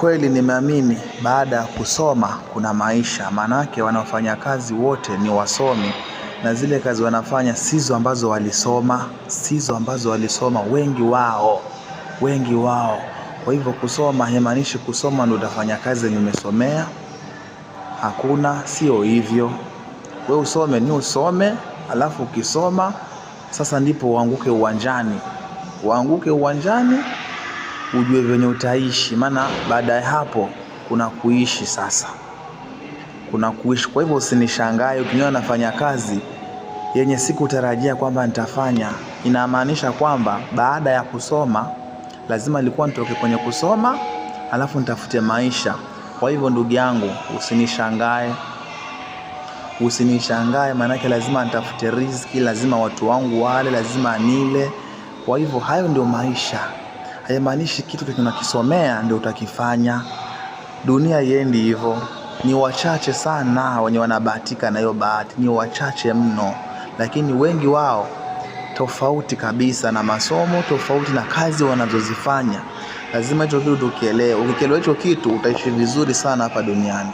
kweli nimeamini baada ya kusoma kuna maisha, maanake wanaofanya kazi wote ni wasomi na zile kazi wanafanya sizo ambazo walisoma, sizo ambazo walisoma wengi wao, wengi wao. Kwa hivyo kusoma haimaanishi kusoma ndio utafanya kazi yenye umesomea. Hakuna, sio hivyo. We usome ni usome, alafu ukisoma sasa ndipo uanguke uwanjani, uanguke uwanjani ujue venye utaishi, maana baada ya hapo kuna kuishi sasa, kuna kuishi. Kwa hivyo usinishangae ukinyoa, nafanya kazi yenye sikutarajia kwamba nitafanya. Inamaanisha kwamba baada ya kusoma lazima nilikuwa nitoke kwenye kusoma, alafu nitafute maisha. Kwa hivyo ndugu yangu, usinishangae, usinishangae, maanake lazima nitafute riziki, lazima watu wangu wale, lazima nile. Kwa hivyo hayo ndio maisha haimaanishi kitu tunakisomea ndio utakifanya. Dunia iendi hivyo. Ni wachache sana wenye wanabahatika na hiyo bahati, ni wachache mno, lakini wengi wao tofauti kabisa na masomo, tofauti na kazi wanazozifanya. Lazima hicho kitu tukielewe. Ukikielewa hicho kitu, utaishi vizuri sana hapa duniani.